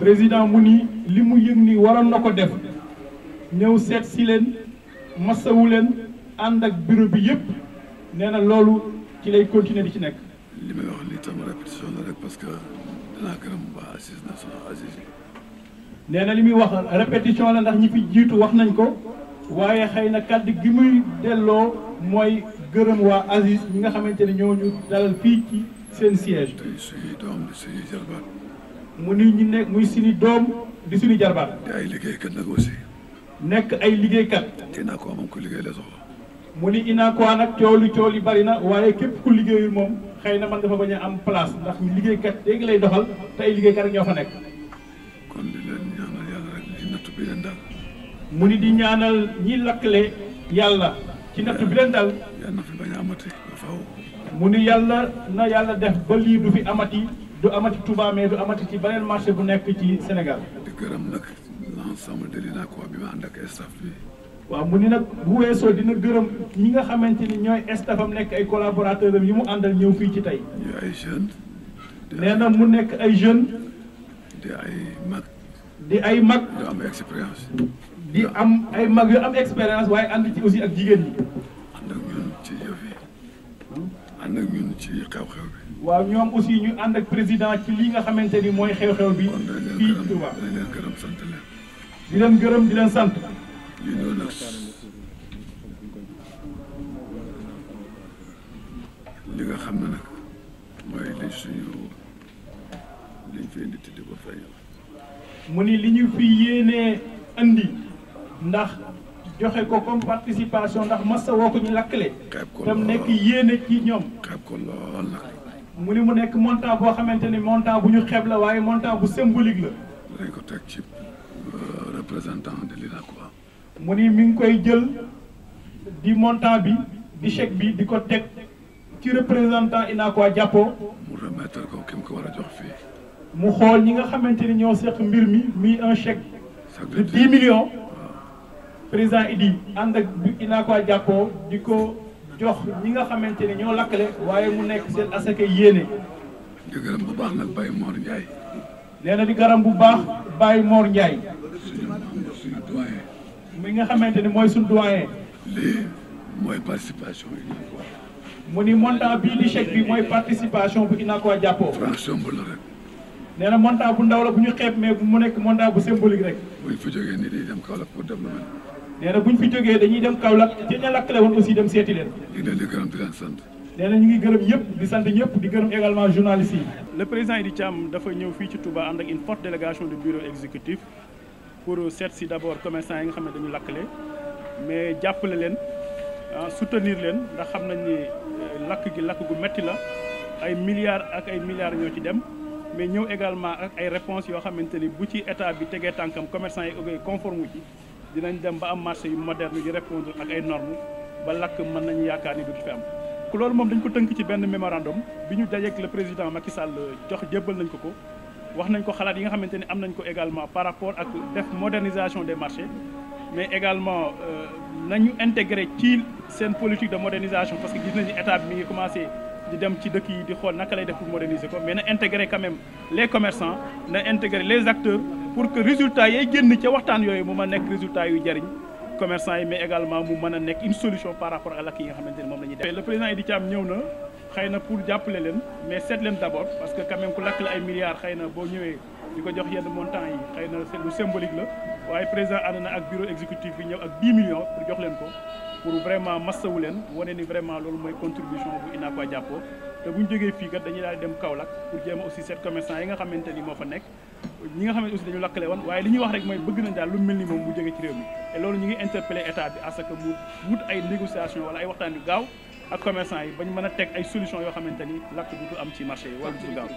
président mu nii li mu yëg ni waroon na ko def ñëw seet si leen masawu leen ànd ak bureau bi yëpp nee na loolu ci lay continuer bi ci nekk. li li parce que danaa na li muy wax répétition la ndax ñi fi jiitu wax nañ ko waaye xëy na kàddu gi muy delloo mooy gërëm waa Aziz ñi nga xamante ne ñoo ñu dalal fii ci seen siège. tey mu ni ñu nekk muy suñu doom di suñu jarbaat. di ay liggéeykat nag nekk ay liggéeykat. dinaa ko moom ku liggéey la soxla. mu ni inaakuwaa nag coow li coow bari na waaye képp ku liggéeyul moom xëy na mën nga fa bañ a am place ndax liggéeykat léegi lay doxal te ay liggéeykat rek ñoo fa nekk. di leen ñaanal yàlla rek ci na fi bañ a amati mu ni yàlla na yàlla def ba lii du fi amati. du amati Touba mais du amati ci beneen marché bu nekk ci Sénégal. di gërëm nag l'ensemble de l'INACO bi ma ànd ak staff bi. waaw mu ni nag bu weesoo dina gërëm ñi nga xamante ni ñooy staff am nekk ay collaborateurs am yi mu àndal ñëw fii ci tey. ñu ay jeunes. nee na mu nekk ay jeunes. di ay mag. di ay mag. yu am expérience. di am ay mag yu am expérience waaye ànd ci aussi ak jigéen ñi. ànd ak ñun ci yëf yi ànd ak ñun ci xew-xew bi. waaw ñoom aussi ñu ànd ak président ci li nga xamante ni mooy xew-xew bi fii ci Touba. di gërëm di leen sant. li nga xam ne nag mooy li suñu liñ fi indi te ko feeñal. mu ni li ñu fi yéenee andi ndax joxe ko comme participation ndax masa woo ko ñu lakkale. xeeb ko lool nekk yéene ci ñoom. xeeb mu ni mu nekk montant boo xamante ni montant bu ñu xeeb la waaye montant bu symbolique la. Euh, dañ mu ni mi ngi koy jël di montant bi di chèque bi di ko teg ci représentant UNACOIS jàppoo. mu a jox fii. mu xool ñi nga xamante ni ñoo seq mbir mi muy un chèque. de dix millions. président Idi ànd ak jàppoo di ko. jox ñi nga xamante ne ñoo lakkale waaye mu nekk seen asaka yéene. di gërëm bu baax nag Baye Mor Ndiaye. nee na di garam bu baax Baye Mor njaay suñu nga xamante ne mooy suñu doyen. lii mooy participation yi mu ni montant bii di chèque bi mooy participation bu Unacois jàppoo. fraction bu la rek. na montant bu ndaw la bu ñu xeeb mais bu mu nekk montant bu symbolique rek. bu nee na bu ñu fi jógee dañuy dem Kaolack ci ña lakkale woon aussi dem seeti leen. ñu leen di ñu ngi gërëm yëpp di sant ñëpp di gërëm également journalistes yi. le président Idi Thiam dafa ñëw fii ci Touba ànd ak une forte délégation du bureau exécutif pour seet si d' abord commerçant yi nga xam ne dañu lakkale mais jàppale leen ah, soutenir leen ndax xam nañ ni euh, lakk gi lakk gu metti la ay milliards ak ay milliards ñoo ci dem. mais ñëw également ak ay réponses yoo xamante ni bu ci état bi tegee tànkam commerçant yi obéi conforme wu dinañ dem ba am marché yu moderne yu répondre ak ay normes ba lakk mën nañu yaakaar ni du fi am ku loolu moom dañ ko tënk ci benn mémorandum bi ñu dajeek le président Macky Sall jox jébbal nañ ko ko wax nañ ko xalaat yi nga xamante ni am nañ ko également par rapport ak def modernisation des marchés mais également euh, nañu intégré ci seen politique de modernisation parce que gis nañu état bi mi ngi commencé di dem ci dëkk yi di xool naka lay def pour moderniser ko mais na intégré quand les commerçants na intégré les acteurs pour que résultat yay génn ca waxtaan yooyu mu ma nekk résultat yu jariñ commerçant yi mais également mu mën a nekk une solution par rapport à lakk yi nga xamante le mais seet leen d' que quand même ku lakk la ay milliards xëy na boo ñëwee di ko jox yenn montant yi xëy na c'est lu symbolique la waaye président ànd na ak bureau leen ko. pour vraiment loolu mooy contribution bu INACO fii kat dañuy daal dem Kaolack pour aussi seet commerçant yi nga xamante ni moo fa nekk. ñi nga xam ne aussi dañu lakkale woon waaye li ñuy wax rek mooy bëgg nañ daal lu mel ni moom mu jóge ci réew mi te loolu ñu ngi interpellé état bi à ce que mu wut ay négociation wala ay waxtaan yu gaaw ak commerçant yi ba ñu mën a teg ay solution yoo xamante ni lakk bi am ci marché yi wala du gaaw